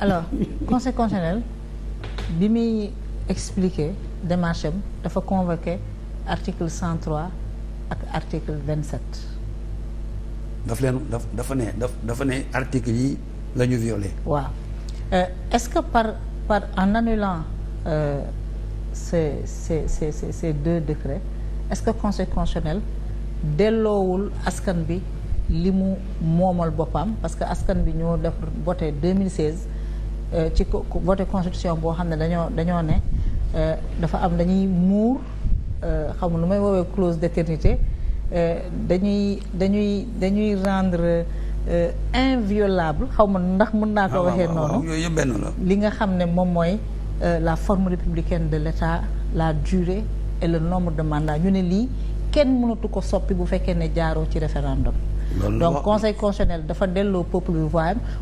alors conseil constitutionnel bi muy expliquer démarche am dafa convoqué article 103 ak article 27. daf leen daf dafa ne daf dafa ne article yi la ñu violé. waaw euh, est-ce que par par en annulant euh, ces ces ces ces deux décrets est-ce que conseil delloowul askan bi li mu moomal boppam parce que askan bi ñoo def voté 2016. Euh, ci voté constitution boo xam ne dañoo dañoo ne euh, dafa am dañuy muur euh, xamul lu may woowee clause d'éternité dañuy dañuy dañuy rendre inviolable xaw ma ndax mën naa ko ah, waxee noonu li nga xam ne moom mooy la forme républicaine de l'État la durée et le nombre de mandats ñu ne lii kenn mënatu ko soppi bu fekkee ne jaaroo ci référendum donc conseil constitutionnel dafa delloo peuple bi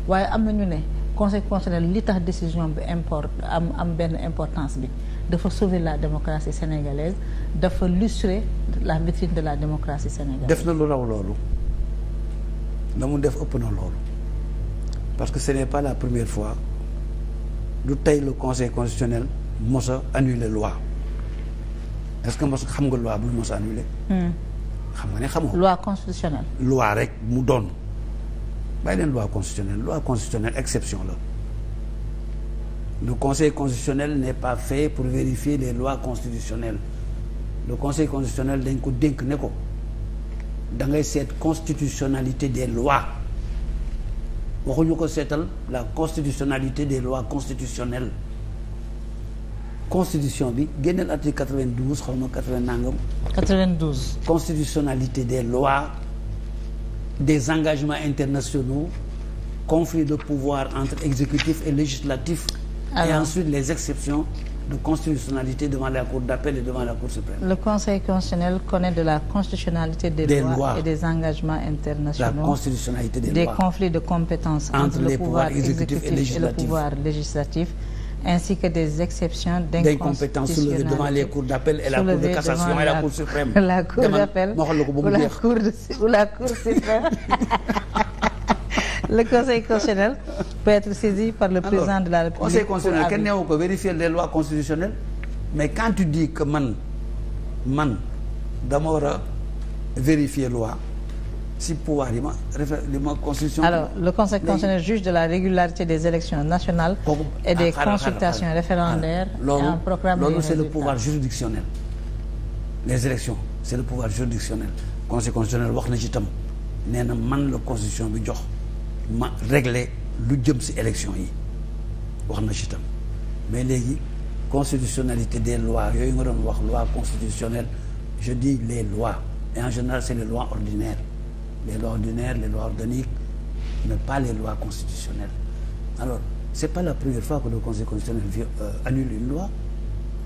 waaye am na ñu ne conseil constitutionnel li tax décision bi import am am benn importance bi dafa sauver la démocratie sénégalaise dafa lustrer la vitrine de la démocratie sénégalaise. def na lu raw loolu na def ëpp na loolu parce que cest n'est pas la première fois du tey le conseil constitutionnel mos a annuler loi est-ce que mos xam nga loi bu mos a hmm. xam nga ne xamoo. loi constitutionnelle. loi rek mu doon. bàyyi leen loi constitutionnelle loi constitutionnelle exception la le conseil constitutionnel ne pas fait pour vérifier les lois constitutionnelles le conseil constitutionnel dañ ko dénk ne ko da ngay seet constitutionnalité des lois waxuñu ko seetal la constitutionnalité des lois constitutionnelles constitution bi génneel article 92 xaw ma 80 nangam 92 constitutionnalité des engagements internationaux, conflit de pouvoir entre exécutif et législatif, Alors, et ensuite les exceptions de constitutionnalité devant la Cour d'appel et devant la Cour suprême. Le Conseil constitutionnel connaît de la constitutionnalité des, des lois, et des engagements internationaux. La constitutionnalité des, des conflits de compétences entre, entre le les pouvoir exécutif et, et, ainsi que des exceptions d'incompétence soulevées devant les cours d'appel et la cour de cassation et la cour d'appel ou la cour de ou la cour suprême le conseil constitutionnel peut être saisi par le président de la République conseil constitutionnel kenn neewu ko vérifier les lois constitutionnelles mais quand tu dis que man man dama war a vérifier loi si pouvoir yi ma refa li le conseil constitutionnel juge la régularité des élections nationales. et des ah, consultations référendaires. et un programme de résultats loolu le pouvoir juridictionnel. les élections c'est le pouvoir juridictionnel. conseil constitutionnel wax na ci itam nee na man la constitution bi jox ma régler lu jëm si élection yi wax na ci itam mais léegi constitutionnalité des lois yooyu nga doon wax loi constitutionnelle je di les lois et en général c'est les lois ordinaires. les lois ordinaires les lois organiques mais pas les lois constitutionnelles alors c'est pas la première fois que le conseil constitutionnel euh, annule une loi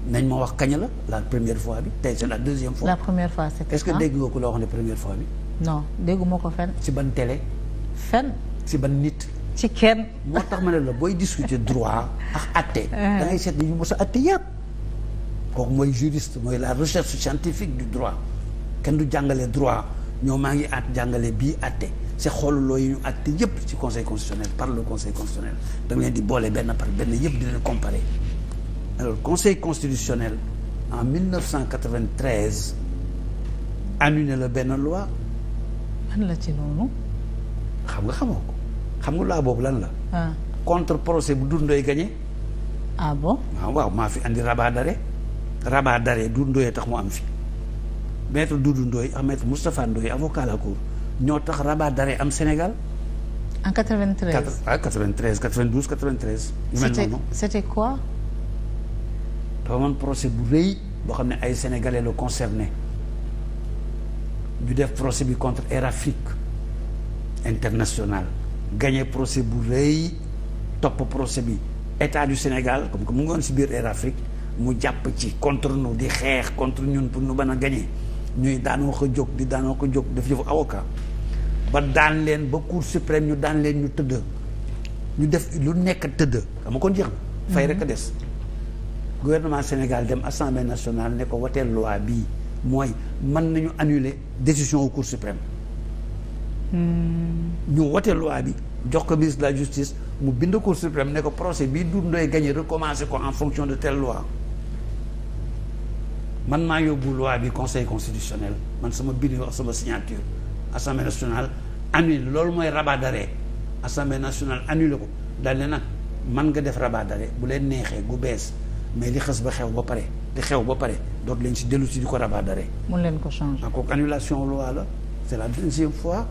nañ ma wax kaña la la première fois bi tey c'est la deuxième fois. la première fois c'était est-ce que dégg nga ko fen wax ci ban télé. fenn. ci ban nit. ci kenn. moo tax ma ne la booy discuter droit ak atte. da ngay seet ñu mos a atte yàpp kooku mooy juriste mooy la recherche scientifique du droit kenn du jàngale droit. ñoo maa ngi at jàngale bii atte c'est xooluloo yi ñu atte yépp ci conseil constitutionnel par le conseil constitutionnel da leen di boole benn par benn yépp di leen comparer alors conseil constitutionnel en 1993 annulé la benn loi. man la ci noonu. xam nga xamoo ko xam nga loi boobu lan la. Ah. contre procès bu dundoy gagné. ah bon waaw ah, waaw maa fi andi rabat d'arrêt rabat d'arrêt dundoyee tax mu am fii maître Doudou Ndoye ak maître Moustapha Ndoye avocat la cour ñoo tax rabat d'arrêt am Sénégal. en 93 4 ah 93 92 93. yu mel noonu c'était quoi. dafa amoon procès bu rëy boo xam ne ay sénégalais la concerné ñu def procès bi contre Air Afrique international gagné procès bu rëy topp procès bi état du Sénégal comme que mu ngi woon si biir Air Afrique mu jàpp ci contre nous di xeex contre ñun pour ñu mën a gagné. ñuy daanoo ko jóg di daanoo ko jóg def yëfu avocat ba daan leen ba cour suprême ñu daan leen ñu tëdd ñu def lu nekk tëdd xam kon jeex na fay rek des gouvernement Sénégal dem assemblée nationale ne ko wateel loi bii mooy mën nañu annuler décision au cour suprême hmm. ñu wote loi bi jox ko ministre de la justice mu bind cour suprême ne ko procès bii Doudou Ndoye gagné recommencer ko en fonction de telle loi man maa yóbbu loi bi conseil constitutionnel man sama bind wax sama signature assemblée nationale annulé loolu mooy rabat d'arrêt assemblée nationale ko daal ne nag man nga def rabat bu leen neexee gu bees mais li xës ba xew ba pare li xew ba pare doot leen si dellu si di ko rabat d'arrêt mun leen ko changer kooku annulation loi la c'est la deuxième fois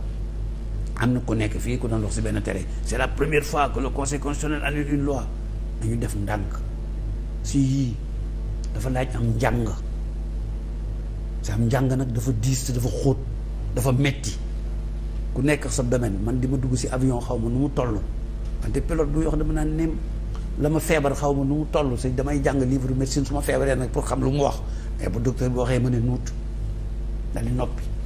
am na ku nekk fii ku doon dox si benn tere c'est la première fois que le conseil constitutionnel annule une loi dañu def ndànk laaj am njàng am njàng nag dafa diis te dafa xóot dafa metti ku nekk sa domaine man di ma dugg si avion xaw ma nu mu toll wante pilote bu yox dama naan nem la ma feebar xaw ma nu mu toll si damay jàng livre médecine su ma feebaree nag pour xam lu mu wax mais bu docteur bi waxee ma ne nuut daal di noppi